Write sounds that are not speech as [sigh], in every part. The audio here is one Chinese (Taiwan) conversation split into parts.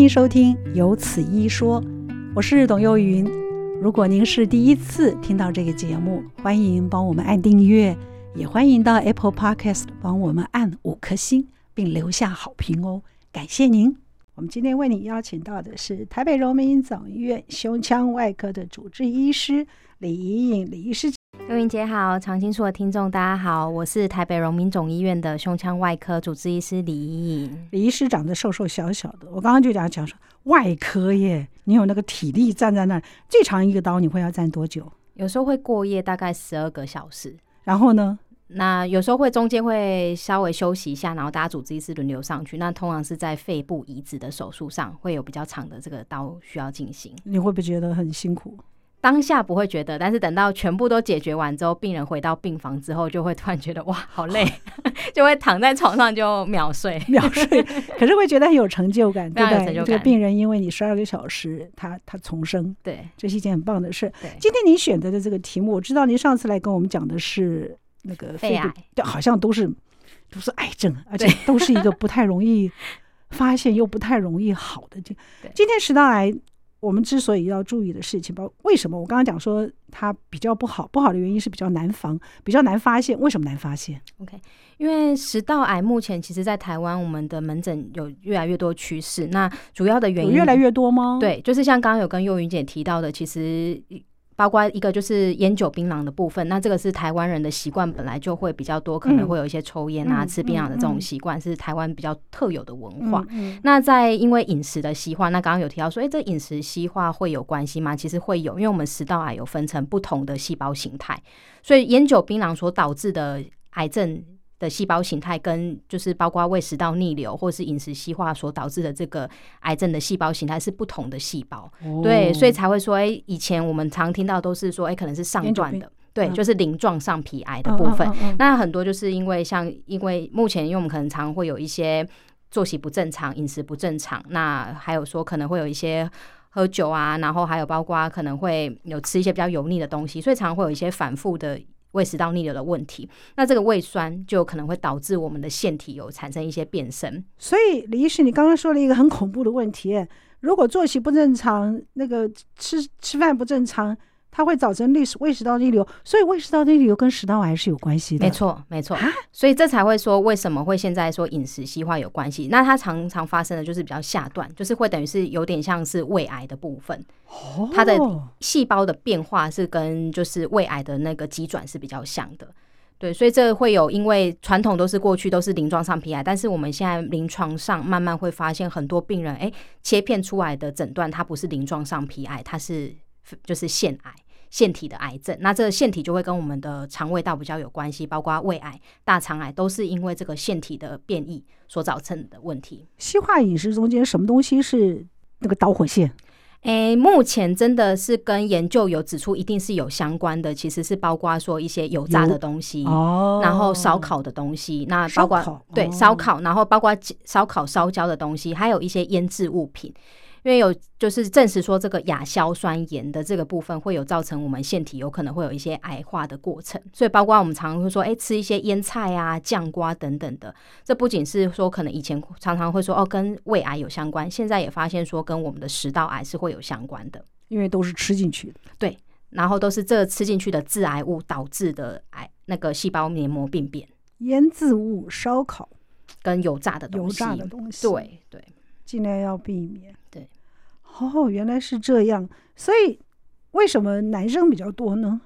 歡迎收聽《由此醫說》，我是董幼雲。如果您是第一次聽到這個節目，歡迎幫我們按訂閱，也歡迎到 Apple Podcast 幫我們按五顆星並留下好評哦，感謝您。我們今天為你邀請到的是台北榮民總醫院胸腔外科的主治醫師李怡穎，李醫師。劉雲姐好，常青樹的聽眾大家好，我是台北榮民總醫院的胸腔外科主治醫師李怡穎。李醫師長得瘦瘦小小的，我剛剛就講講說外科耶，你有那個體力站在那，最長一個刀你會要站多久？有時候會過夜，大概十二個小時。然後呢？那有時候會中間會稍微休息一下，然後大家主治醫師輪流上去。那通常是在肺部移植的手術上會有比較長的這個刀需要進行。你會不會覺得很辛苦？當下不會覺得，但是等到全部都解決完之後，病人回到病房之後，就會突然覺得哇，好累，啊、 [laughs] 就會躺在床上就秒睡，秒睡。可是會覺得很有成就感， [laughs] 對對吧？這個病人因為你十二個小時，他他重生，對，這是一件很棒的事。對今天你選擇的這個題目，我知道你上次來跟我們講的是那個肺癌愛，好像都是都、就是癌症，而且都是一個不太容易發現對 [laughs] 又不太容易好的。今對今天食道癌。我們之所以要注意的事情，包為什麼我剛剛講說它比較不好，不好的原因是比較難防，比較難發現。為什麼難發現？OK，因為食道癌目前其實在台灣，我們的門診有越來越多趨勢。那主要的原因有越來越多嗎？對，就是像剛剛有跟幼云姐提到的，其實。包括一個就是煙酒檳榔的部分，那這個是台灣人的習慣，本來就會比較多，可能會有一些抽煙啊、嗯、吃檳榔的這種習慣，嗯嗯、是台灣比較特有的文化。嗯嗯、那在因為飲食的西化，那剛剛有提到說，誒、欸，這飲食西化會有關係嗎？其實會有，因為我們食道癌有分成不同的細胞形態，所以煙酒檳榔所導致的癌症。的細胞形態跟就是包括胃食道逆流或是飲食西化所導致的這個癌症的細胞形態是不同的細胞，哦、對，所以才會說，誒、欸，以前我們常聽到都是說，誒、欸，可能是上段的，對，嗯、就是鱗狀上皮癌的部分。哦哦哦哦哦，那很多就是因為像因為目前因為我們可能常會有一些作息不正常、飲食不正常，那還有說可能會有一些喝酒啊，然後還有包括可能會有吃一些比較油膩的東西，所以常會有一些反復的。胃食道逆流的問題，那這個胃酸就可能會導致我們的腺體有產生一些變聲。所以李醫師，你剛剛說了一個很恐怖的問題，如果作息不正常，那個吃吃飯不正常。它會造成胃食胃食道逆流，所以胃食道逆流跟食道癌是有關係的。沒錯，沒錯。所以這才會說為什麼會現在說飲食西化有關係。那它常常發生的就是比較下段，就是會等於是有點像是胃癌的部分。它的細胞的變化是跟就是胃癌的那個急轉是比較像的。對，所以這會有，因為傳統都是過去都是鱗狀上皮癌，但是我們現在臨床上慢慢會發現很多病人，哎，切片出來的診斷它不是鱗狀上皮癌，它是。就是腺癌，腺體的癌症，那這個腺體就會跟我們的腸胃道比較有關係，包括胃癌、大腸癌都是因為這個腺體的變異所造成的問題。西化飲食中間什麼東西是那個導火線？誒、欸，目前真的是跟研究有指出一定是有相關的，其實是包括說一些油炸的東西，oh. 然後燒烤的東西，那包括、oh. 對燒烤，然後包括燒烤燒焦的東西，還有一些醃制物品。因為有就是證實說，這個亞硝酸鹽的這個部分會有造成我們腺體有可能會有一些癌化的過程，所以包括我們常常會說，哎，吃一些醃菜啊、醬瓜等等的，這不僅是說可能以前常常會說哦跟胃癌有相關，現在也發現說跟我們的食道癌是會有相關的，因為都是吃進去對，然後都是這吃進去的致癌物導致的癌那個細胞黏膜病變，醃制物、燒烤跟油炸的東西，油炸的東西，對對。盡量要避免。對，哦，原來是這樣。所以，為什麼男生比較多呢？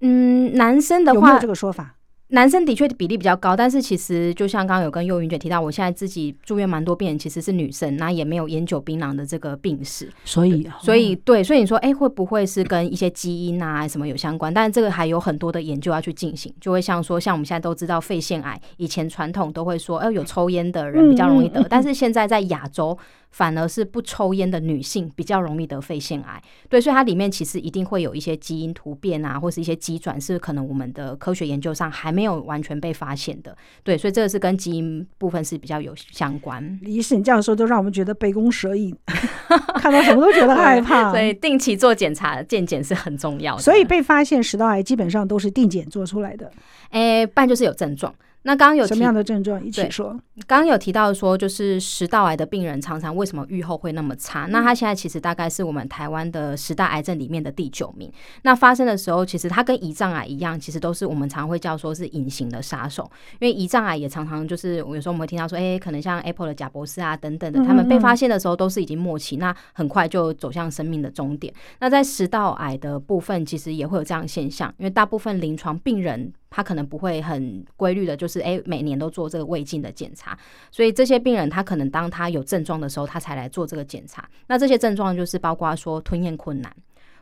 嗯，男生的話有沒有這個說法？男生的確比例比較高，但是其實就像剛剛有跟幼雲姐提到，我現在自己住院蠻多病人其實是女生，那也沒有菸酒檳榔的這個病史，所以對、嗯、所以對，所以你說哎、欸，會不會是跟一些基因啊什麼有相關？但是這個還有很多的研究要去進行，就會像說，像我們現在都知道肺腺癌，以前傳統都會說，呃、有抽菸的人比較容易得，嗯、但是現在在亞洲。反而是不抽煙的女性比較容易得肺腺癌，對，所以它裡面其實一定會有一些基因突變啊，或是一些機轉，是可能我們的科學研究上還沒有完全被發現的，對，所以這個是跟基因部分是比較有相關。李醫生你這樣說都讓我們覺得杯弓蛇影， [laughs] 看到什麼都覺得害怕， [laughs] 所以定期做檢查、健檢是很重要的。所以被發現食道癌基本上都是定檢做出來的，哎、欸，不然就是有症狀。那剛剛有什麼樣的症狀一起說？剛剛有提到說，就是食道癌的病人常常為什麼預後會那麼差？那他現在其實大概是我們台灣的十大癌症裡面的第九名。那發生的時候，其實他跟胰臟癌一樣，其實都是我們常會叫說是隱形的殺手。因為胰臟癌也常常就是，我有時候我們會聽到說，誒，可能像 Apple 的賈伯斯啊等等的，他們被發現的時候都是已經末期，那很快就走向生命的終點。那在食道癌的部分，其實也會有這樣現象，因為大部分臨床病人。他可能不會很規律的，就是誒每年都做這個胃鏡的檢查。所以這些病人，他可能當他有症狀的時候，他才來做這個檢查。那這些症狀就是包括說吞嚥困難，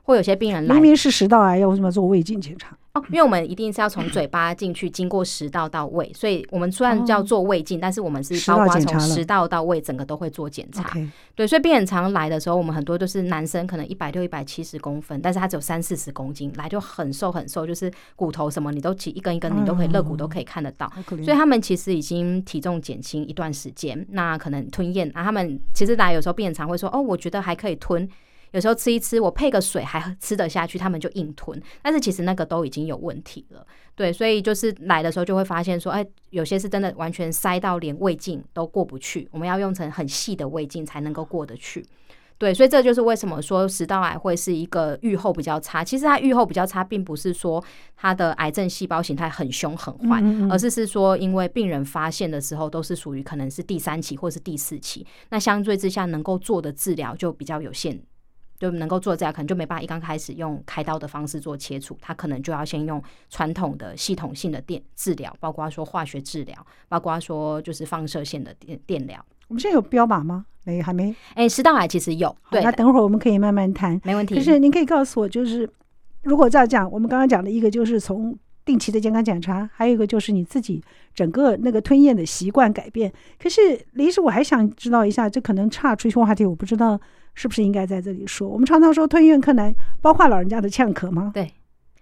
或有些病人明明是食道癌，要為什麼做胃鏡檢查？哦、因為我們一定是要從嘴巴進去，經過食道到胃， [laughs] 所以我們雖然叫做胃鏡，哦、但是我們是包括從食道到胃整個都會做檢查。查對，所以病患常來的時候，我們很多就是男生可能一百六、一百七十公分，但是他只有三四十公斤，來就很瘦很瘦，就是骨頭什麼你都起一根一根，你都可以、哦、肋骨都可以看得到。所以他們其實已經體重減輕一段時間，那可能吞嚥。那他們其實來有時候病患常會說哦，我覺得還可以吞。有時候吃一吃，我配個水還吃得下去，他們就硬吞。但是其實那個都已經有問題了，對，所以就是來的時候就會發現說，哎、欸，有些是真的完全塞到連胃鏡都過不去，我們要用成很細的胃鏡才能夠過得去，對，所以這就是為什麼說食道癌會是一個預後比較差。其實它預後比較差，並不是說它的癌症細胞形態很凶很壞，而是是說因為病人發現的時候都是屬於可能是第三期或是第四期，那相對之下能夠做的治療就比較有限。就能夠做這樣，可能就沒辦法。一剛開始用開刀的方式做切除，他可能就要先用傳統的系統性的電治療，包括說化學治療，包括說就是放射線的電電療。我們現在有標靶嗎？沒，還沒。哎、欸，食道癌其實有，好對。那等會兒我們可以慢慢談，沒問題。可是您可以告訴我，就是如果照這樣講，我們剛剛講的一個就是從。定期的健康檢查，還有一個就是你自己整個那個吞嚥的習慣改變。可是，李醫師我還想知道一下，這可能岔出去一個話題，我不知道是不是應該在這裡說。我們常常說吞嚥困難，包括老人家的嗆咳嗎？對。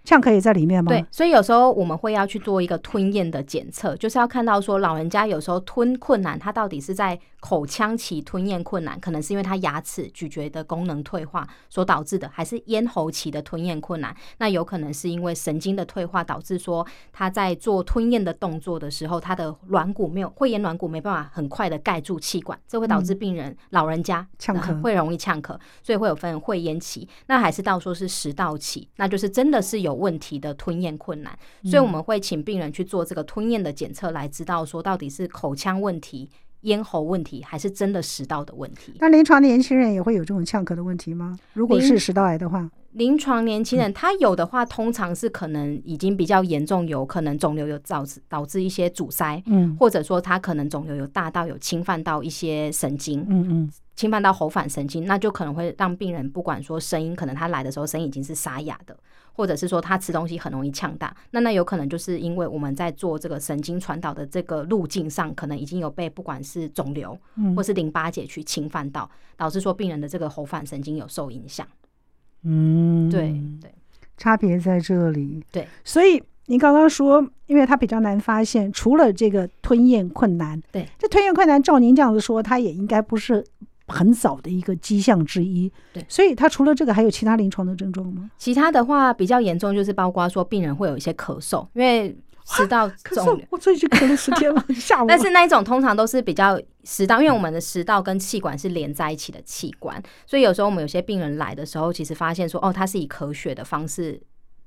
嗆咳也在裡面嗎？對，所以有時候我們會要去做一個吞咽的檢測，就是要看到說老人家有時候吞困難，他到底是在口腔期吞咽困難，可能是因為他牙齒咀嚼的功能退化所導致的，還是咽喉期的吞咽困難？那有可能是因為神經的退化導致說他在做吞咽的動作的時候，他的軟骨沒有會厭軟骨沒辦法很快的蓋住氣管，這會導致病人老人家嗆咳，會容易嗆咳，所以會有分會咽期，那還是到說是食道期，那就是真的是有。問題的吞咽困難，嗯、所以我們會請病人去做這個吞咽的檢測，來知道說到底是口腔問題、咽喉問題，還是真的食道的問題。那臨床年輕人也會有這種嗆咳的問題嗎？如果是食道癌的話，臨床年輕人他有的話，通常是可能已經比較嚴重，有可能腫瘤有導致導致一些阻塞，嗯，或者說他可能腫瘤有大到有侵犯到一些神經，嗯嗯。嗯侵犯到喉返神經，那就可能會讓病人不管說聲音，可能他來的時候聲音已經是沙啞的，或者是說他吃東西很容易嗆大。那那有可能就是因為我們在做這個神經傳導的這個路徑上，可能已經有被不管是腫瘤，或是淋巴結去侵犯到，嗯，導致說病人的這個喉返神經有受影響。嗯，對對，對差別在這裡。對，所以您剛剛說，因為他比較難發現，除了這個吞嚥困難，對，這吞嚥困難，照您這樣子說，他也應該不是。很早的一個跡象之一，對，所以他除了這個還有其他臨床的症狀嗎？其他的話比較嚴重就是包括說病人會有一些咳嗽，因為食道腫，我最近可能時間往下，但是那一種通常都是比較食道，因為我們的食道跟氣管是連在一起的器官，所以有時候我們有些病人來的時候，其實發現說哦，他是以咳血的方式。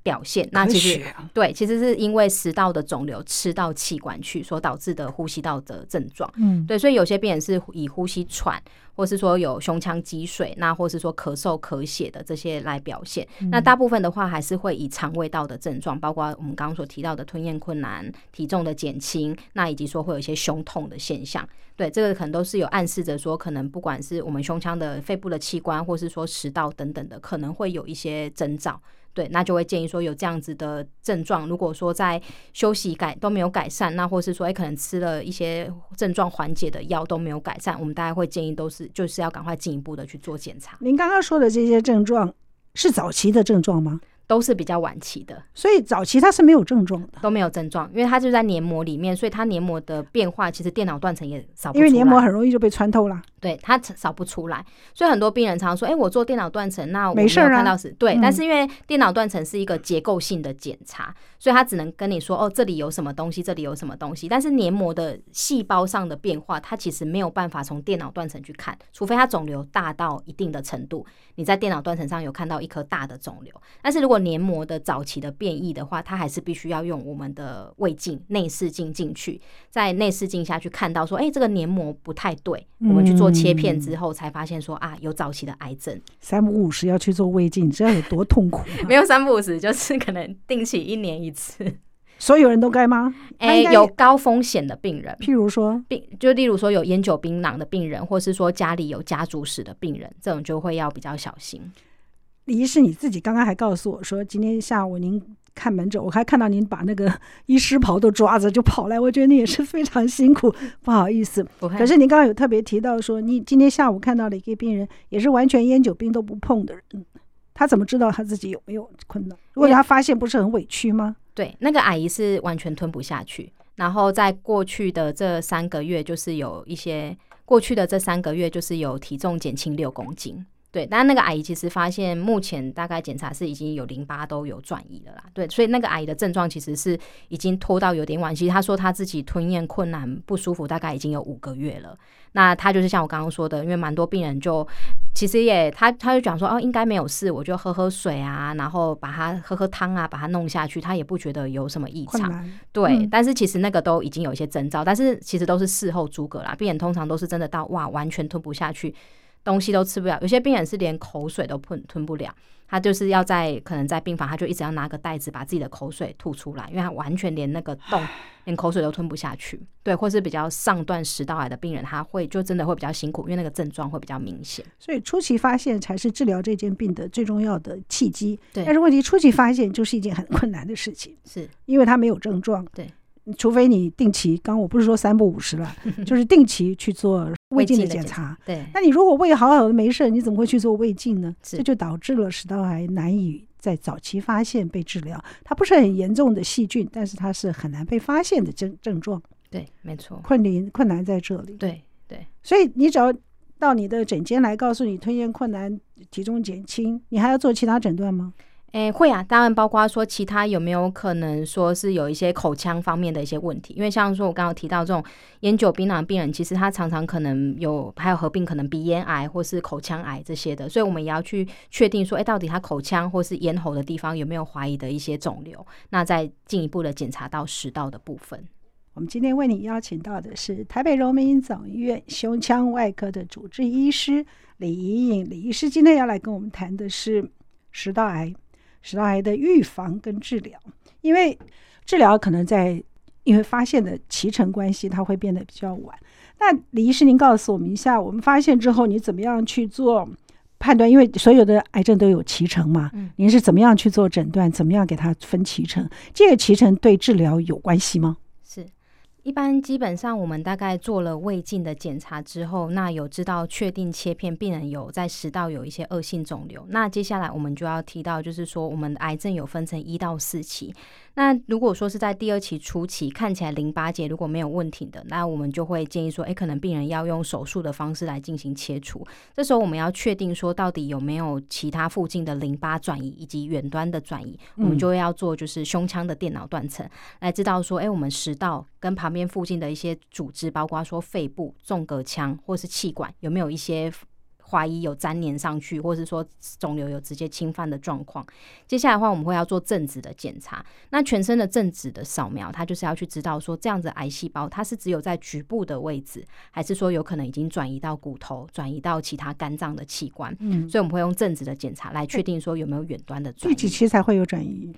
表現那其實、啊、對，其實是因為食道的腫瘤吃到氣管去所導致的呼吸道的症狀，嗯，對，所以有些病人是以呼吸喘，或是說有胸腔積水，那或是說咳嗽咳血的這些來表現。嗯、那大部分的話還是會以腸胃道的症狀，包括我們剛剛所提到的吞咽困難、體重的減輕，那以及說會有一些胸痛的現象。對，這個可能都是有暗示着說，可能不管是我們胸腔的肺部的器官，或是說食道等等的，可能會有一些徵兆。對，那就會建議說有這樣子的症狀，如果說在休息改都沒有改善，那或是說哎，可能吃了一些症狀緩解的藥都沒有改善，我們大家會建議都是就是要趕快進一步的去做檢查。您剛剛說的這些症狀是早期的症狀嗎？都是比較晚期的，所以早期它是沒有症狀的，都沒有症狀，因為它就在黏膜裡面，所以它黏膜的變化其實電腦斷層也掃不出來，因為黏膜很容易就被穿透了對，對它掃不出來，所以很多病人常說，哎、欸，我做電腦斷層，那我沒有看到是，事啊、對，但是因為電腦斷層是一個結構性的檢查，嗯、所以他只能跟你說，哦，這裡有什麼東西，這裡有什麼東西，但是黏膜的細胞上的變化，它其實沒有辦法從電腦斷層去看，除非它腫瘤大到一定的程度，你在電腦斷層上有看到一顆大的腫瘤，但是如果黏膜的早期的變異的話，他還是必須要用我們的胃鏡內視鏡進去，在內視鏡下去看到說，哎、欸，這個黏膜不太對。嗯、我們去做切片之後，才發現說啊，有早期的癌症。三不五時要去做胃鏡，你知道有多痛苦、啊、 [laughs] 沒有三不五時，就是可能定期一年一次。所有人都該嗎？哎、欸，有高風險的病人，譬如說，病就例如說有煙酒檳榔的病人，或是說家裡有家族史的病人，這種就會要比較小心。李醫師，你自己剛剛還告訴我說，今天下午您看門診，我還看到您把那個醫師袍都抓着就跑來，我覺得你也是非常辛苦， [laughs] 不好意思。可是您剛剛有特別提到說，你今天下午看到了一個病人，也是完全煙酒病都不碰的人，他怎麼知道他自己有沒有困難？如果他發現，不是很委屈嗎？因為 [laughs] 對，那個阿姨是完全吞不下去，然後在過去的這三個月，就是有一些過去的這三個月，就是有體重減輕六公斤。對，但那個阿姨其實發現，目前大概檢查是已經有淋巴都有轉移了啦。對，所以那個阿姨的症狀其實是已經拖到有點晚。其實她說她自己吞嚥困難不舒服，大概已經有五個月了。那她就是像我剛剛說的，因為蠻多病人就其實也她她就講說哦、啊，應該沒有事，我就喝喝水啊，然後把它喝喝湯啊，把它弄下去，她也不覺得有什麼異常。困難。對，嗯、但是其實那個都已經有一些徵兆，但是其實都是事後諸葛啦。病人通常都是真的到哇，完全吞不下去。東西都吃不了，有些病人是連口水都吞吞不了，他就是要在可能在病房，他就一直要拿個袋子把自己的口水吐出來，因為他完全連那個洞唉連口水都吞不下去。對，或是比較上段食道癌的病人，他會就真的會比較辛苦，因為那個症狀會比較明顯。所以初期發現才是治療這件病的最重要的契機。對，但是問題初期發現就是一件很困難的事情，是因為他沒有症狀。對，除非你定期，剛我不是說三不五十三不五時了，嗯、哼就是定期去做胃鏡的檢查，檢查，那你如果胃好好的沒事，你怎麼會去做胃鏡呢？是這就導致了食道癌難以在早期發現被治療。它不是很嚴重的細菌，但是它是很難被發現的症症狀。對，沒錯，困難困難在這裡。對對，對所以你只要到你的診間來，告訴你吞咽困難、體重減輕，你還要做其他診斷嗎？哎，會啊，當然包括說其他有沒有可能說是有一些口腔方面的一些問題，因為像說我剛剛提到這種菸酒檳榔病人，其實他常常可能有還有合併可能鼻咽癌或是口腔癌這些的，所以我們也要去確定說，哎，到底他口腔或是咽喉的地方有沒有懷疑的一些腫瘤，那再進一步的檢查到食道的部分。我們今天為你邀請到的是台北榮民總醫院胸腔外科的主治醫師李怡穎，李醫師今天要來跟我們談的是食道癌。食道癌的預防跟治療，因為治療可能在因為發現的期程關係，它會變得比較晚。那李醫師，您告訴我們一下，我們發現之後，你怎麼樣去做判斷？因為所有的癌症都有期程嘛，嗯，您是怎麼樣去做診斷？怎麼樣給它分期程？這個期程對治療有關係嗎？一般基本上，我們大概做了胃鏡的檢查之後，那有知道確定切片病人有在食道有一些惡性腫瘤。那接下來我們就要提到，就是說我們的癌症有分成一到四期。那如果說是在第二期初期看起來，淋巴結如果沒有問題的，那我們就會建議說，誒，可能病人要用手術的方式來進行切除。這時候我們要確定說，到底有沒有其他附近的淋巴轉移以及遠端的轉移，我們就要做就是胸腔的電腦斷層，嗯、來知道說，誒，我們食道跟旁邊附近的一些組織，包括說肺部、縱隔腔或是氣管有沒有一些。懷疑有粘連上去，或者是說腫瘤有直接侵犯的狀況。接下來的話，我們會要做正子的檢查。那全身的正子的掃描，它就是要去知道說，這樣子癌細胞它是只有在局部的位置，還是說有可能已經轉移到骨頭、轉移到其他肝臟的器官。嗯，所以我們會用正子的檢查來確定說有沒有遠端的轉移。第幾期，期才會有轉移？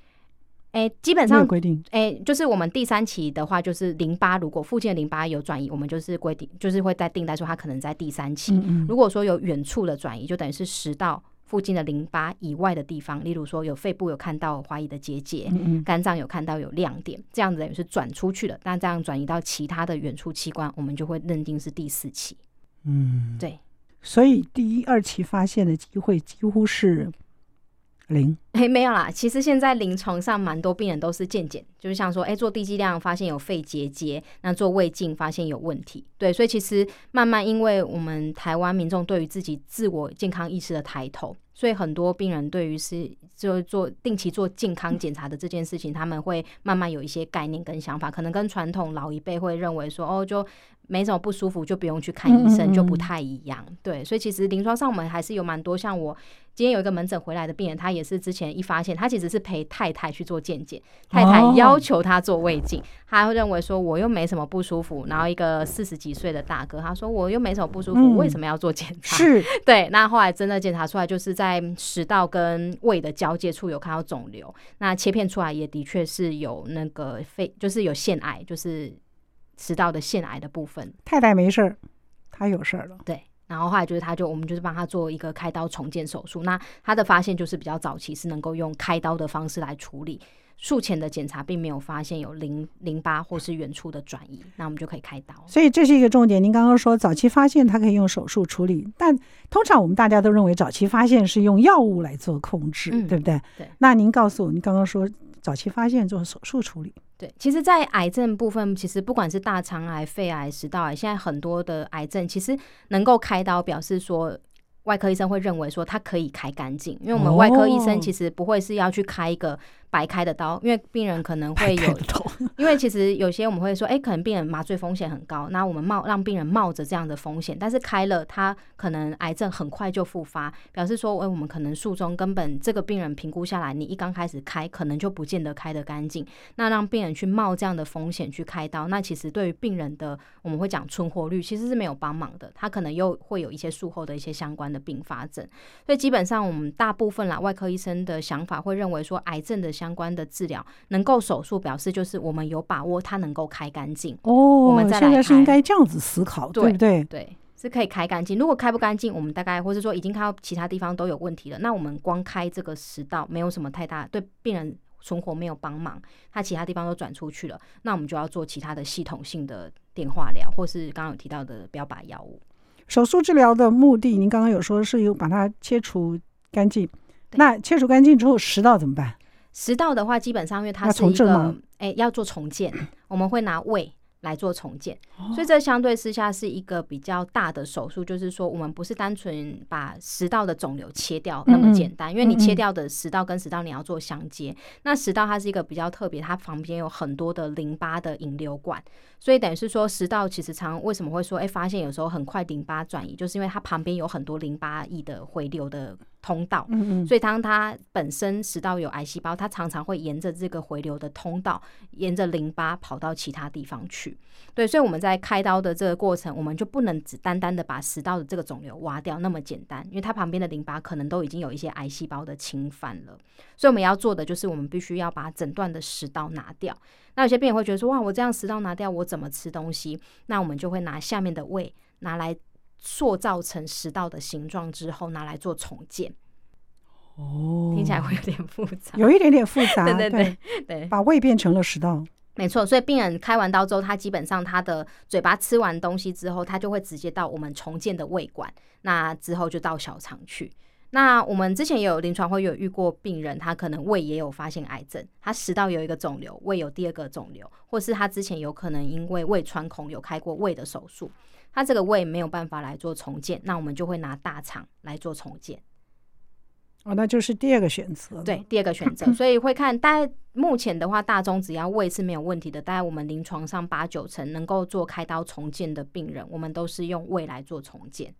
哎，基本上規定，哎，就是我們第三期的話，就是淋巴，如果附近的淋巴有轉移，我們就是規定，就是會在定單說它可能在第三期。嗯嗯，如果說有遠處的轉移，就等於是食道附近的淋巴以外的地方，例如說有肺部有看到懷疑的結節，嗯嗯，肝臟有看到有亮點，這樣子也是轉出去的。但這樣轉移到其他的遠處器官，我們就會認定是第四期。嗯，對，所以第一二期發現的機會幾乎是。零、欸、沒有啦，其實現在臨床上蠻多病人都是健檢，就是像說哎、欸、做低劑量發現有肺結節，那做胃鏡發現有問題，對，所以其實慢慢因為我們台灣民眾對於自己自我健康意識的抬頭，所以很多病人對於是就做定期做健康檢查的這件事情，嗯、他們會慢慢有一些概念跟想法，可能跟傳統老一輩會認為說哦，就沒什麼不舒服就不用去看醫生，就不太一樣，嗯嗯對，所以其實臨床上我們還是有蠻多像我。今天有一個門診回來的病人，他也是之前一發現，他其實是陪太太去做健檢，太太要求他做胃鏡，Oh. 他會認為說，我又沒什麼不舒服，然後一個四十幾歲的大哥，他說我又沒什麼不舒服，嗯，我為什麼要做檢查？是對，那後來真的檢查出來，就是在食道跟胃的交界處有看到腫瘤，那切片出來也的確是有那個肺，就是有腺癌，就是食道的腺癌的部分。太太沒事兒，他有事兒了，對。然後後來就是他，就我們就是幫他做一個開刀重建手術。那他的發現就是比較早期，是能夠用開刀的方式來處理，術前的檢查並沒有發現有淋淋巴或是遠處的轉移，那我們就可以開刀。所以這是一個重點。您剛剛說早期發現他可以用手術處理，但通常我們大家都認為早期發現是用藥物來做控制，嗯，對不對？對。那您告訴我，您剛剛說早期發現做手術處理。對，其實，在癌症部分，其實不管是大腸癌、肺癌、食道癌，現在很多的癌症其實能夠開刀，表示說，外科醫生會認為說，它可以開乾淨，因為我們外科醫生其實不會是要去開一個。白開的刀，因為病人可能會有，因為其實有些我們會說，哎，可能病人麻醉風險很高，那我們冒讓病人冒着這樣的風險，但是開了他可能癌症很快就復發，表示說，誒，我們可能術中根本這個病人評估下來，你一剛開始開可能就不見得開得乾淨，那讓病人去冒這樣的風險去開刀，那其實對於病人的我們會講存活率其實是沒有幫忙的，他可能又會有一些術後的一些相關的併發症，所以基本上我們大部分啦外科醫生的想法會認為說，癌症的。相關的治療能夠手術，表示就是我們有把握它能夠開乾淨哦。我們現在是應該這樣子思考，對,對不對？對，是可以開乾淨。如果開不乾淨，我們大概或是說已經看到其他地方都有問題了，那我們光開這個食道沒有什麼太大對病人存活沒有幫忙，他其他地方都轉出去了，那我們就要做其他的系統性的電化療，或是剛剛有提到的標靶藥物。手術治療的目的，您剛剛有說是有把它切除乾淨，嗯、那對切除乾淨之後食道怎麼辦？食道的話，基本上因為它是一個，誒要、欸、要做重建，我們會拿胃來做重建，哦、所以這相對私下是一個比較大的手術，就是說我們不是單純把食道的腫瘤切掉那麼簡單，嗯嗯因為你切掉的食道跟食道你要做相接，嗯嗯那食道它是一個比較特別，它旁邊有很多的淋巴的引流管，所以等於是說食道其實常、常為什麼會說哎、欸、發現有時候很快淋巴轉移，就是因為它旁邊有很多淋巴液的回流的通道，所以當它本身食道有癌細胞，它常常會沿着這個回流的通道，沿着淋巴跑到其他地方去。對，所以我們在開刀的這個過程，我們就不能只單單的把食道的這個腫瘤挖掉那麼簡單，因為它旁邊的淋巴可能都已經有一些癌細胞的侵犯了。所以我們要做的就是，我們必須要把整段的食道拿掉。那有些病人會覺得說：“哇，我這樣食道拿掉，我怎麼吃東西？”那我們就會拿下面的胃拿來。塑造成食道的形狀之後，拿來做重建。哦，oh，聽起來會有點複雜，有一點點複雜。對對對對，把胃變成了食道，沒錯。所以病人開完刀之後，他基本上他的嘴巴吃完東西之後，他就會直接到我們重建的胃管，那之後就到小腸去。那我們之前有臨床會有遇過病人，他可能胃也有發現癌症，他食道有一個腫瘤，胃有第二個腫瘤，或是他之前有可能因為胃穿孔有開過胃的手術，他這個胃沒有辦法來做重建，那我們就會拿大腸來做重建。哦，那就是第二個選擇。對，第二個選擇， [laughs] 所以會看，但目前的話，大宗只要胃是沒有問題的，大概我們臨床上八九成能夠做開刀重建的病人，我們都是用胃來做重建。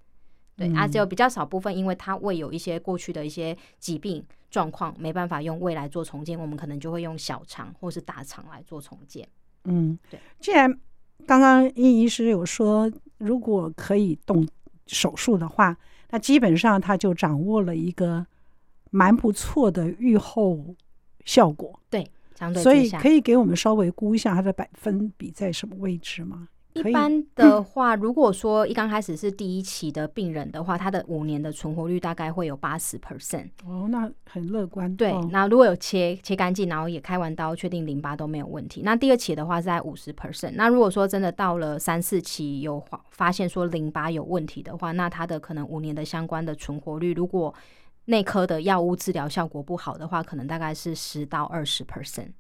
對，啊、嗯，只有比較少部分，因為他胃有一些過去的一些疾病狀況，沒辦法用胃來做重建，我們可能就會用小腸或是大腸來做重建。嗯，對。既然剛剛殷醫師有說，如果可以動手術的話，那基本上他就掌握了一個蠻不錯的預後效果。對，所以可以給我們稍微估一下它的百分比在什麼位置嗎？一般的話，如果說一剛開始是第一期的病人的話，他的五年的存活率大概會有八十 percent。哦，那很樂觀。對，那如果有切切乾淨，然後也開完刀，確定淋巴都沒有問題，那第二期的話是在五十 percent。那如果說真的到了三四期，有發現說淋巴有問題的話，那他的可能五年的相關的存活率，如果內科的藥物治療效果不好的話，可能大概是十到二十 percent。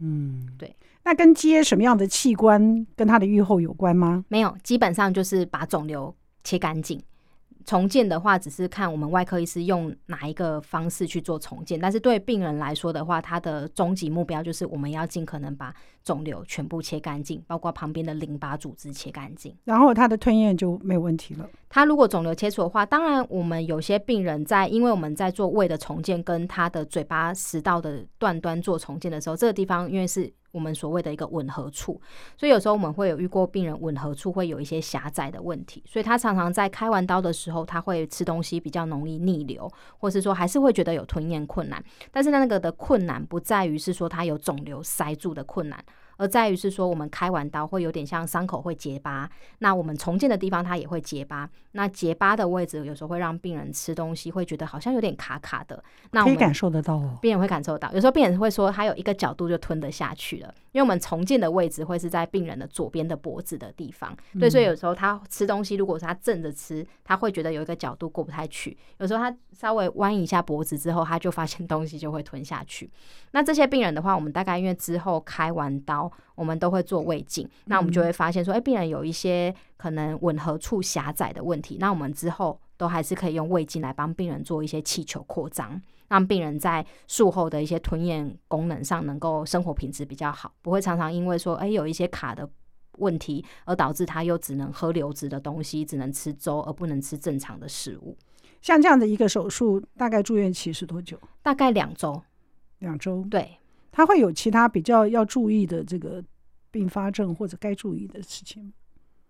嗯，對。那跟接什麼樣的器官跟他的預後有關嗎？沒有，基本上就是把腫瘤切乾淨。重建的話，只是看我們外科醫師用哪一個方式去做重建，但是對病人來說的話，他的終極目標就是我們要盡可能把腫瘤全部切乾淨，包括旁邊的淋巴組織切乾淨。然後他的吞嚥就沒問題了。他如果腫瘤切除的話，當然我們有些病人在因為我們在做胃的重建跟他的嘴巴食道的斷端做重建的時候，這個地方因為是。我們所謂的一個吻合處，所以有時候我們會有遇過病人吻合處會有一些狹窄的問題，所以他常常在開完刀的時候，他會吃東西比較容易逆流，或是說還是會覺得有吞嚥困難，但是那個的困難不在於是說他有腫瘤塞住的困難。而在於是說，我們開完刀會有點像傷口會結疤，那我們重建的地方它也會結疤。那結疤的位置有時候會讓病人吃東西會覺得好像有點卡卡的。那我們可以感受得到，病人會感受到。有時候病人會說他有一個角度就吞得下去了，因為我們重建的位置會是在病人的左邊的脖子的地方。對，所以有時候他吃東西，如果他正着吃，他會覺得有一個角度過不太去。有時候他稍微彎一下脖子之後，他就發現東西就會吞下去。那這些病人的話，我們大概因為之後開完刀。我們都會做胃鏡，那我們就會發現說，誒，病人有一些可能吻合處狹窄的問題。那我們之後都還是可以用胃鏡來幫病人做一些氣球擴張，讓病人在術後的一些吞咽功能上能夠生活品質比較好，不會常常因為說，誒，有一些卡的問題而導致他又只能喝流質的東西，只能吃粥而不能吃正常的食物。像這樣的一個手術，大概住院期是多久？大概兩週。兩週。對。他會有其他比較要注意的這個併發症或者該注意的事情，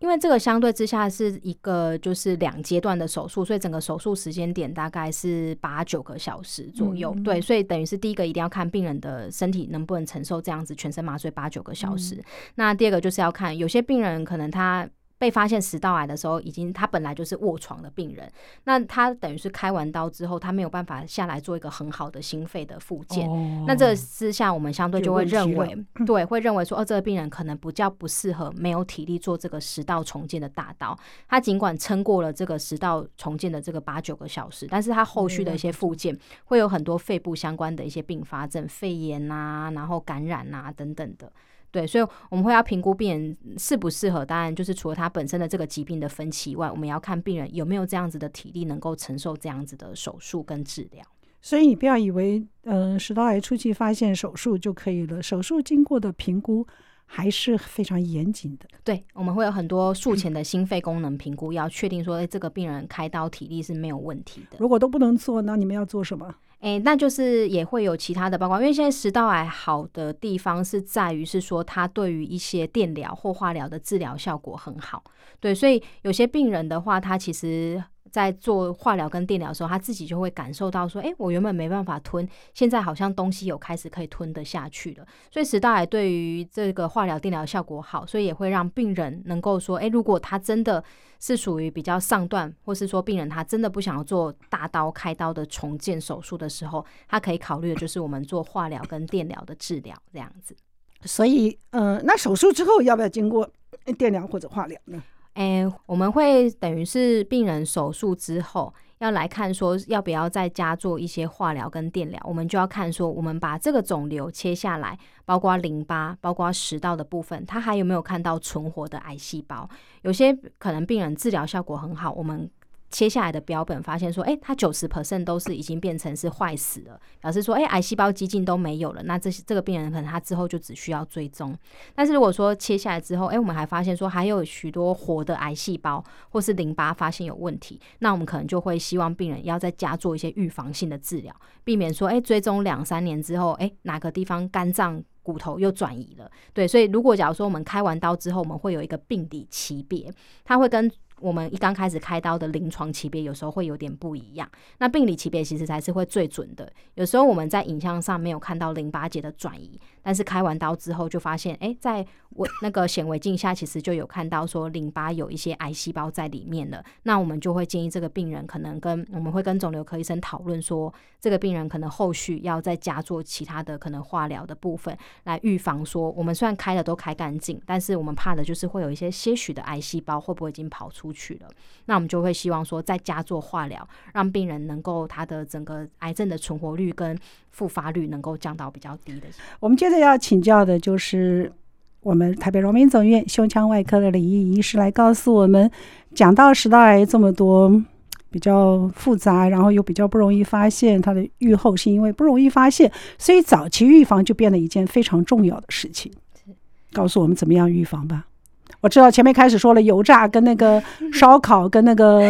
因為這個相對之下是一個就是兩階段的手術，所以整個手術時間點大概是八九個小時左右。嗯、對，所以等於是第一個一定要看病人的身體能不能承受這樣子全身麻醉八九個小時。嗯、那第二個就是要看有些病人可能他。被發現食道癌的時候，已經他本來就是臥床的病人。那他等於是開完刀之後，他沒有辦法下來做一個很好的心肺的復健。那這之下，我們相對就會認為，對，會認為說，哦，這個病人可能比較不適合沒有體力做這個食道重建的大刀。他儘管撐過了這個食道重建的這個八九個小時，但是他後續的一些復健會有很多肺部相關的一些併發症，肺炎啊，然後感染啊等等的。對，所以我們會要評估病人適不適合。當然，就是除了他本身的這個疾病的分期以外，我們要看病人有沒有這樣子的體力能夠承受這樣子的手術跟治療。所以你不要以為，嗯，食道癌初期發現手術就可以了。手術經過的評估還是非常嚴謹的。對，我們會有很多術前的心肺功能評估，嗯、要確定說，誒、哎、這個病人開刀體力是沒有問題的。如果都不能做，那你們要做什麼？哎、欸，那就是也會有其他的包括，因為現在食道癌好的地方是在於是說，它對於一些電療或化療的治療效果很好，對，所以有些病人的話，他其實。在做化療跟電療的時候，他自己就會感受到說：“誒、欸，我原本沒辦法吞，現在好像東西有開始可以吞得下去了。”所以，食道癌對於這個化療、電療效果好，所以也會讓病人能夠說：“誒、欸，如果他真的是屬於比較上段，或是說病人他真的不想要做大刀開刀的重建手術的時候，他可以考慮的就是我們做化療跟電療的治療這樣子。”所以，嗯、呃，那手術之後要不要經過電療或者化療呢？誒、欸，我們會等於是病人手術之後要來看，說要不要再加做一些化療跟電療，我們就要看說我們把這個腫瘤切下來，包括淋巴、包括食道的部分，它還有沒有看到存活的癌細胞？有些可能病人治療效果很好，我們。切下來的標本發現說，誒、欸，它九十%都是已經變成是壞死了，表示說，誒、欸，癌細胞幾近都沒有了。那這些這個病人可能他之後就只需要追蹤。但是如果說切下來之後，誒、欸，我們還發現說還有許多活的癌細胞或是淋巴發現有問題，那我們可能就會希望病人要再加做一些預防性的治療，避免說，誒、欸，追蹤兩三年之後，誒、欸，哪個地方肝臟、骨頭又轉移了。對，所以如果假如說我們開完刀之後，我們會有一個病理級別，它會跟。我們一剛開始開刀的臨床期別，有時候會有點不一樣，那病理期別其實才是會最準的。有時候我們在影像上沒有看到淋巴結的轉移，但是開完刀之後就發現，哎，在我那個顯微鏡下其實就有看到說淋巴有一些癌細胞在裡面了。那我們就會建議這個病人可能跟我們會跟腫瘤科醫生討論說，這個病人可能後續要再加做其他的可能化療的部分，來預防說我們雖然開的都開乾淨，但是我們怕的就是會有一些些許的癌細胞會不會已經跑出出去了，那我們就會希望說在家做化療，讓病人能夠他的整個癌症的存活率跟復發率能夠降到比較低的。我們接着要請教的就是我們台北榮民總院胸腔外科的李怡穎醫師來告訴我們，講到食道癌這麼多比較複雜，然後又比較不容易發現，它的預後是因為不容易發現，所以早期預防就變得一件非常重要的事情。告訴我們怎麼樣預防吧！我知道前面開始說了油炸跟那個燒烤跟那個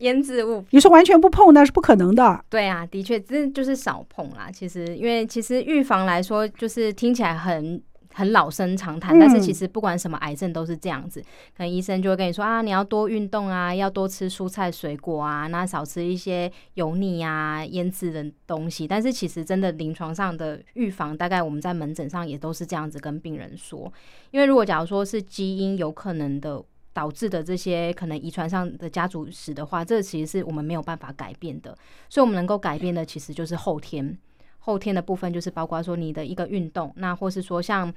醃製物，你說完全不碰那是不可能的。對啊，的確這就是少碰啦。其實因為其實預防來說，就是聽起來很。很老生常談，但是其實不管什麼癌症都是這樣子，嗯，可能醫生就會跟你說啊，你要多運動啊，要多吃蔬菜水果啊，那少吃一些油膩啊、醃制的東西。但是其實真的臨床上的預防，大概我們在門診上也都是這樣子跟病人說，因為如果假如說是基因有可能的導致的這些可能遺傳上的家族史的話，這個其實是我們沒有辦法改變的，所以我們能夠改變的其實就是後天。後天的部分就是包括說你的一個運動，那或是說像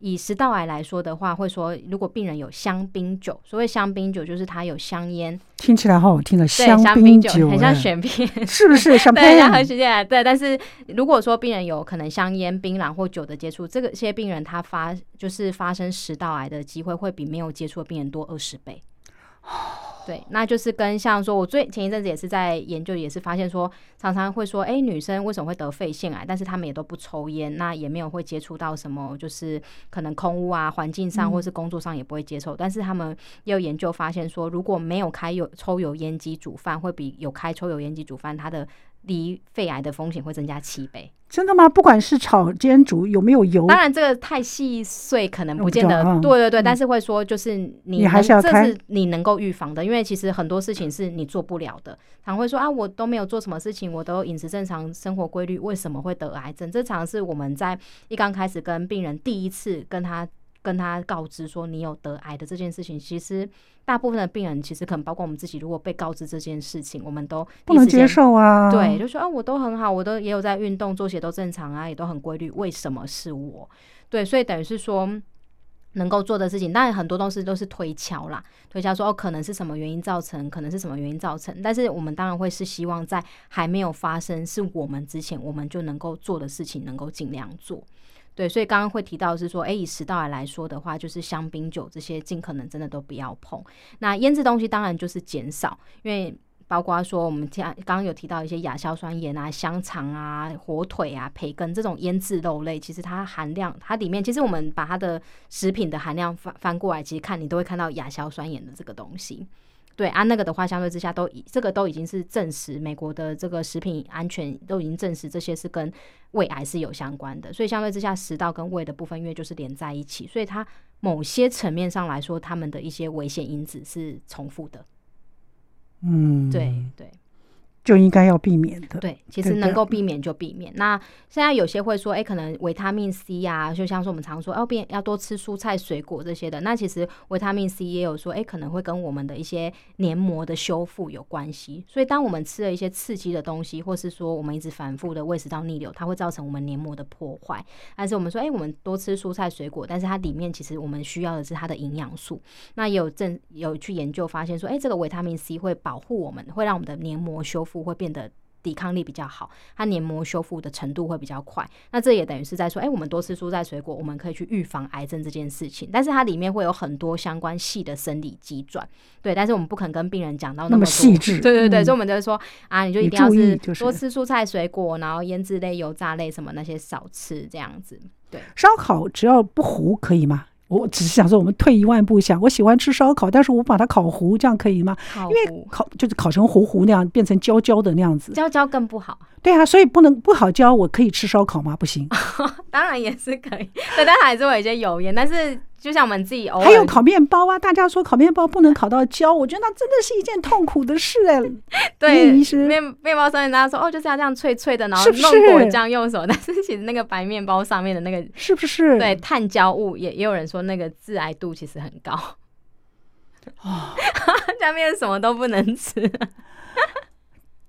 以食道癌來說的話，會說如果病人有香檳酒，所謂香檳酒就是它有香煙，聽起來好好聽的香，香檳酒，檳酒欸、很像雪碧，是不是？ [laughs] 香檳對，很像對，但是如果說病人有可能香煙、檳榔或酒的接觸，這個些病人他發就是發生食道癌的機會會比沒有接觸的病人多二十倍。對，那就是跟像說，我最前一陣子也是在研究，也是發現說，常常會說，誒，女生為什麼會得肺腺癌？但是她們也都不抽菸，那也沒有會接觸到什麼，就是可能空污啊，環境上或是工作上也不會接觸，嗯、但是他們又研究發現說，如果沒有開有抽油煙機煮飯，會比有開抽油煙機煮飯，它的。離肺癌的風險會增加七倍，真的嗎？不管是炒、煎、煮有沒有油，當然這個太細碎可能不見得，對對對對。但是會說，就是你還是這是你能夠預防的，因為其實很多事情是你做不了的。常會說啊，我都沒有做什麼事情，我都有飲食正常，生活規律，為什麼會得癌症？這常是我們在一剛開始跟病人第一次跟他，跟他告知說你有得癌的這件事情，其實大部分的病人其實可能包括我們自己，如果被告知這件事情，我們都不能接受啊。對，就說啊，我都很好，我都也有在運動，作息都正常啊，也都很規律，為什麼是我？對，所以等於是說能夠做的事情，當然很多東西都是推敲啦，推敲說哦，可能是什麼原因造成，可能是什麼原因造成，但是我們當然會是希望在還沒有發生是我們之前，我們就能夠做的事情，能夠盡量做。對，所以剛剛會提到是說，哎，以食道癌來說的話，就是香檳酒這些，盡可能真的都不要碰。那醃制東西當然就是減少，因為包括說我們提剛剛有提到一些亞硝酸鹽啊、香腸啊、火腿啊、培根這種醃制肉類，其實它含量，它裡面其實我們把它的食品的含量翻翻過來，其實看你都會看到亞硝酸鹽的這個東西。對，按、啊、那個的話，相對之下都已這個都已經是證實，美國的這個食品安全都已經證實這些是跟胃癌是有相關的，所以相對之下食道跟胃的部分，因為就是連在一起，所以它某些層面上來說，它們的一些危險因子是重複的。嗯，對對。對就應該要避免的、嗯。對，其實能夠避免就避免。吧那現在有些會說，哎、欸，可能維他命 C 呀、啊，就像是我們常說，哦，要要多吃蔬菜水果這些的。那其實維他命 C 也有說，哎、欸，可能會跟我們的一些黏膜的修復有關係。所以當我們吃了一些刺激的東西，或是說我們一直反復的胃食道逆流，它會造成我們黏膜的破壞。但是我們說，哎、欸，我們多吃蔬菜水果，但是它裡面其實我們需要的是它的營養素。那也有正有去研究發現說，哎、欸，這個維他命 C 會保護我們，會讓我們的黏膜修復。會變得抵抗力比較好，它黏膜修復的程度會比較快。那這也等於是在說，哎，我們多吃蔬菜水果，我們可以去預防癌症這件事情。但是它裡面會有很多相關細的生理機轉，對。但是我們不肯跟病人講到那麼，那麼細緻、嗯，對對對。嗯、所以我們就是說，啊，你就一定要是多吃蔬菜水果，就是、然後醃制類、油炸類什麼那些少吃，這樣子。對，燒烤只要不糊可以嗎？我只是想說，我們退一萬步想，我喜歡吃燒烤，但是我把它烤糊，這樣可以嗎？因為烤就是烤成糊糊那樣，變成焦焦的那樣子，焦焦更不好。對啊，所以不能不好焦，我可以吃燒烤嗎？不行。 [laughs] 當然也是可以，但當然還是會有一些油煙。但是就像我們自己偶爾還有烤麵包啊，大家說烤麵包不能烤到焦，我覺得那真的是一件痛苦的事，欸。 [laughs] 對面面包上面，大家說哦，就是要這樣脆脆的，然後弄果醬用手，但是其實那個白麵包上面的那個是不是對碳焦物也也有人說那個致癌度其實很高啊，下面什麼都不能吃。 [laughs]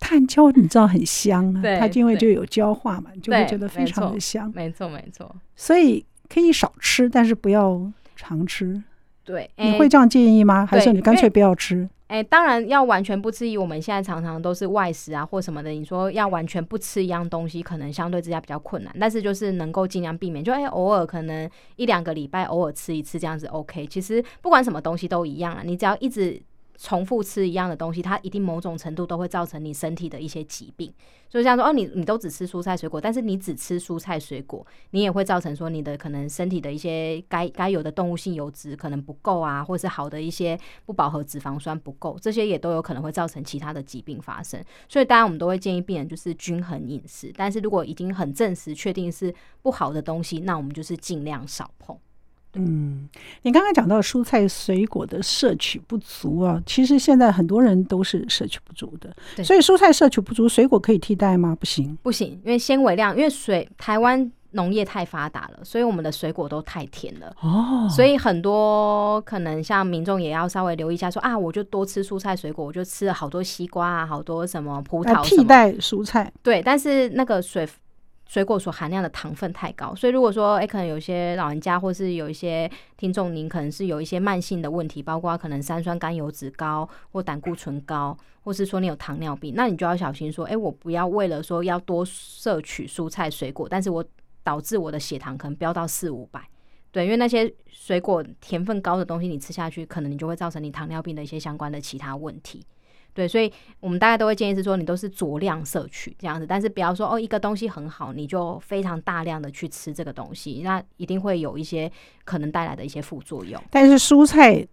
碳焦你知道很香啊，對它因為就有焦化嘛，你對就會覺得非常的香。沒錯沒錯，沒錯所以可以少吃，但是不要常吃。對，欸、你會這樣建議嗎？還是你乾脆不要吃？哎、欸欸，當然要完全不吃，以我們現在常常都是外食啊或什麼的。你說要完全不吃一樣東西，可能相對之下比較困難。但是就是能夠盡量避免，就哎、欸、偶爾可能一兩個禮拜偶爾吃一次這樣子 OK。其實不管什麼東西都一樣啊，你只要一直。重複吃一樣的東西，它一定某種程度都會造成你身體的一些疾病。所以像說哦，你你都只吃蔬菜水果，但是你只吃蔬菜水果，你也會造成說你的可能身體的一些該該有的動物性油脂可能不夠啊，或者是好的一些不飽和脂肪酸不夠，這些也都有可能會造成其他的疾病發生。所以，當然我們都會建議病人就是均衡飲食。但是如果已經很證實確定是不好的東西，那我們就是盡量少碰。嗯，你剛剛講到蔬菜水果的攝取不足啊，其實現在很多人都是攝取不足的。對所以蔬菜攝取不足，水果可以替代嗎？不行，不行，因為纖維量，因為水台灣農業太發達了，所以我們的水果都太甜了。哦，所以很多可能像民眾也要稍微留意一下說，說啊，我就多吃蔬菜水果，我就吃了好多西瓜啊，好多什麼葡萄麼，替代蔬菜對，但是那個水。水果所含量的糖分太高，所以如果說誒、欸，可能有些老人家或是有一些聽眾，您可能是有一些慢性的問題，包括可能三酸甘油脂高或膽固醇高，或是說你有糖尿病，那你就要小心說，哎、欸，我不要為了說要多攝取蔬菜水果，但是我導致我的血糖可能飆到四五百，對，因為那些水果甜分高的東西你吃下去，可能你就會造成你糖尿病的一些相關的其他問題。對，所以我們大家都會建議是說，你都是酌量攝取這樣子，但是不要說哦，一個東西很好，你就非常大量的去吃這個東西，那一定會有一些可能帶來的一些副作用。但是蔬菜。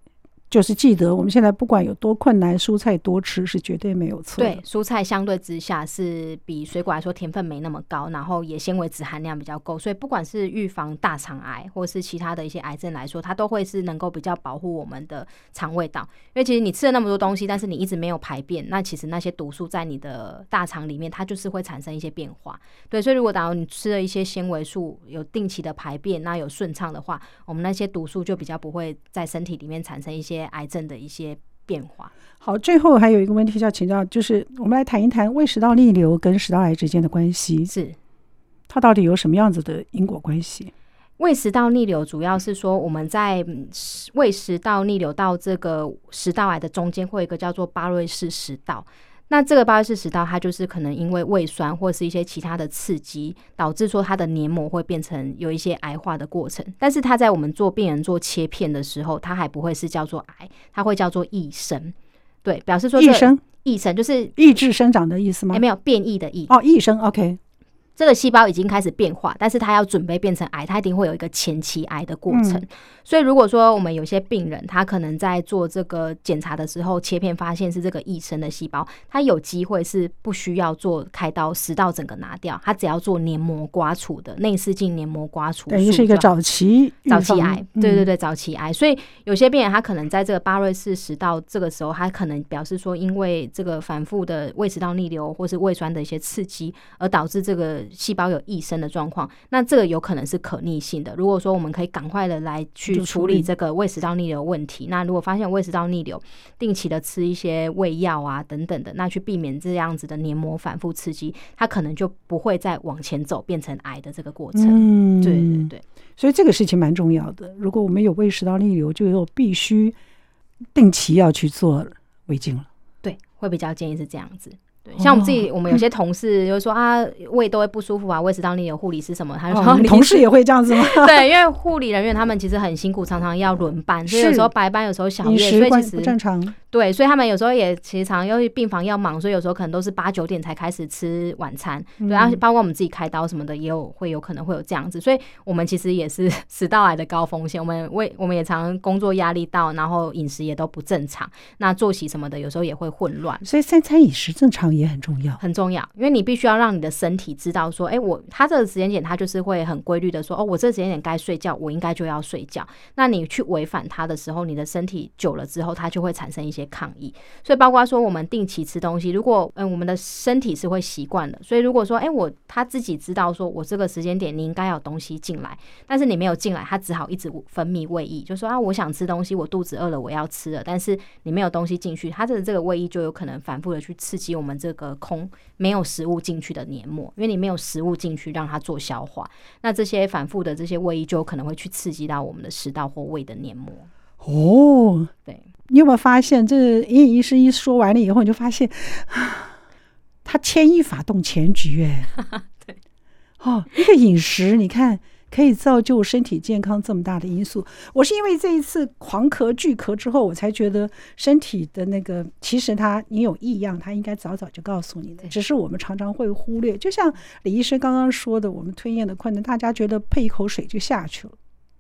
就是記得我們現在不管有多困難，蔬菜多吃是絕對沒有錯。對，蔬菜相對之下是比水果來說甜分沒那麼高，然後也纖維質含量比較夠，所以不管是預防大腸癌或是其他的一些癌症來說，它都會是能夠比較保護我們的腸胃道。因為其實你吃了那麼多東西，但是你一直沒有排便，那其實那些毒素在你的大腸裡面，它就是會產生一些變化。對，所以如果打個你吃了一些纖維素，有定期的排便，那有順暢的話，我們那些毒素就比較不會在身體裡面產生一些。癌症的一些變化。好，最後還有一個問題要請教，就是我們來談一談胃食道逆流跟食道癌之間的關係，是它到底有什麼樣子的因果關係？胃食道逆流主要是說我們在胃食道逆流到這個食道癌的中間，會有一個叫做巴瑞氏食道。那這個巴瑞特食道，它就是可能因為胃酸或是一些其他的刺激，導致說它的黏膜會變成有一些癌化的過程。但是它在我們做病人做切片的時候，它還不會是叫做癌，它會叫做異生，對，表示說異生，異生就是抑、欸、制生，生長的意思嗎？沒有變異的異哦，異生，OK。這個細胞已經開始變化，但是它要準備變成癌，它一定會有一個前期癌的過程。嗯、所以，如果說我們有些病人，他可能在做這個檢查的時候，切片發現是這個異生的細胞，他有機會是不需要做開刀食道整個拿掉，他只要做黏膜刮除的內視鏡黏膜刮除術，等於是一個早期早期癌，嗯、對對對，早期癌。所以有些病人他可能在這個巴瑞氏食道這個時候，他可能表示說，因為這個反復的胃食道逆流或是胃酸的一些刺激，而導致這個。細胞有異生的狀況，那這個有可能是可逆性的。如果說我們可以趕快的來去處理這個胃食道逆流問題，那如果發現胃食道逆流，定期的吃一些胃藥啊等等的，那去避免這樣子的黏膜反覆刺激，它可能就不會再往前走，變成癌的這個過程。嗯，對對對，所以這個事情蠻重要的。如果我們有胃食道逆流，就又必須定期要去做胃鏡了。對，會比較建議是這樣子。對，像我們自己，哦、我們有些同事就說啊，胃都會不舒服啊。胃是當你有護理師什麼，他就說，哦、同事也會這樣子嗎？ [laughs] 對，因為護理人員他們其實很辛苦，常常要輪班，所以有時候白班，有時候小夜，所以其實。對，所以他們有時候也其實常因為病房要忙，所以有時候可能都是八九點才開始吃晚餐。對，而且包括我們自己開刀什麼的，也有會有可能會有這樣子。所以我們其實也是食道癌的高風險。我們為我們也常工作壓力大，然後飲食也都不正常，那作息什麼的有時候也會混亂。所以三餐飲食正常也很重要，很重要，因為你必須要讓你的身體知道說，哎，我他這個時間點他就是會很規律的說，哦，我這時間點該睡覺，我應該就要睡覺。那你去違反他的時候，你的身體久了之後，它就會產生一些。抗議，所以包括說我們定期吃東西，如果嗯我們的身體是會習慣的，所以如果說哎、欸、我他自己知道說我這個時間點你應該要有東西進來，但是你沒有進來，他只好一直分泌胃液，就說啊我想吃東西，我肚子餓了我要吃了，但是你沒有東西進去，他的這個胃液就有可能反復的去刺激我們這個空沒有食物進去的黏膜，因為你沒有食物進去讓它做消化，那這些反復的這些胃液就有可能會去刺激到我們的食道或胃的黏膜。哦，對。你有沒有發現這李醫生一說完了以後，你就發現，啊、他牽一髮動全局哈、欸， [laughs] 對，哦，一個飲食是你看可以造就身體健康這麼大的因素。我是因為這一次狂咳巨咳之後，我才覺得身體的那個其實他你有異樣，他應該早早就告訴你的，只是我們常常會忽略。就像李醫生剛剛說的，我們吞嚥的困難，大家覺得配一口水就下去了。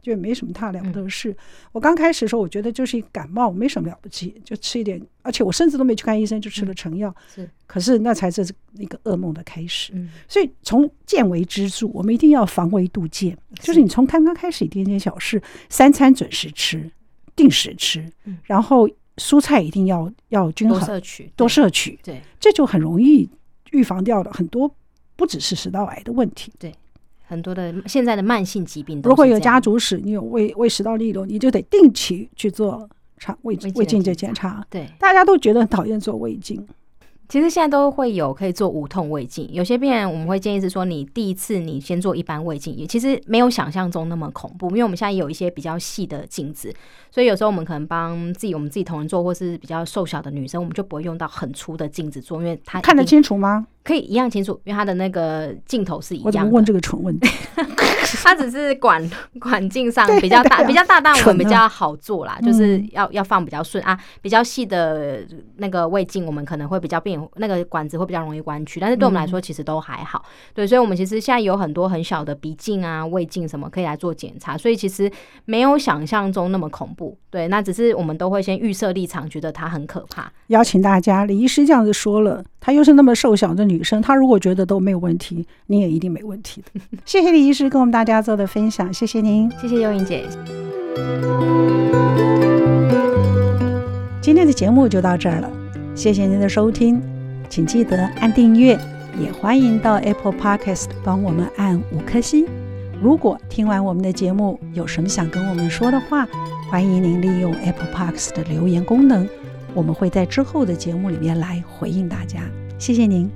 就沒什麼大了不得事，嗯。我剛開始的時候，我覺得就是一感冒，沒什麼了不起，就吃一點。而且我甚至都沒去看醫生，就吃了成藥，嗯。是，可是那才是那個噩夢的開始。嗯，所以，從見微知著，我們一定要防微杜漸。就是你從剛剛開始一點點小事，是三餐準時吃，定時吃，嗯，然後蔬菜一定要要均衡，多攝取，多攝取，對多攝取。這就很容易預防掉的很多，不只是食道癌的問題。對。很多的現在的慢性疾病都是的。如果有家族史，你有胃胃食道逆流，你就得定期去做腸胃胃鏡的檢查。經經對，大家都覺得很討厭做胃鏡。其實現在都會有可以做無痛胃鏡，有些病人我們會建議是說，你第一次你先做一般胃鏡，也其實沒有想象中那麼恐怖，因為我們現在有一些比較細的鏡子，所以有時候我們可能幫自己我們自己同仁做，或是比較瘦小的女生，我們就不會用到很粗的鏡子做，因為她看得清楚嗎？可以一樣清楚，因為它的那個鏡頭是一樣。我怎麼問這個蠢問題？ [laughs] 它 [laughs] 只是管管徑上比較大，比較大，大，但我們比較好做啦，就是要要放比較順啊，比較細的那個胃鏡，我們可能會比較變，那個管子會比較容易彎曲，但是對我們來說其實都還好，對，所以我們其實現在有很多很小的鼻鏡啊、胃鏡什麼可以來做檢查，所以其實沒有想象中那麼恐怖，對，那只是我們都會先預設立場，覺得他很可怕。邀請大家，李醫師這樣子說了，她又是那麼瘦小的女生，她如果覺得都沒有問題，你也一定沒問題的。 [laughs] 謝謝李醫師跟我們大。大家做的分享，謝謝您，謝謝怡穎姐。今天的節目就到這兒了，謝謝您的收聽，請記得按訂閱，也歡迎到 Apple Podcast 幫我們按五顆星。如果聽完我們的節目有什麼想跟我們說的話，歡迎您利用 Apple Podcast 的留言功能，我們會在之後的節目裡面來回應大家。謝謝您。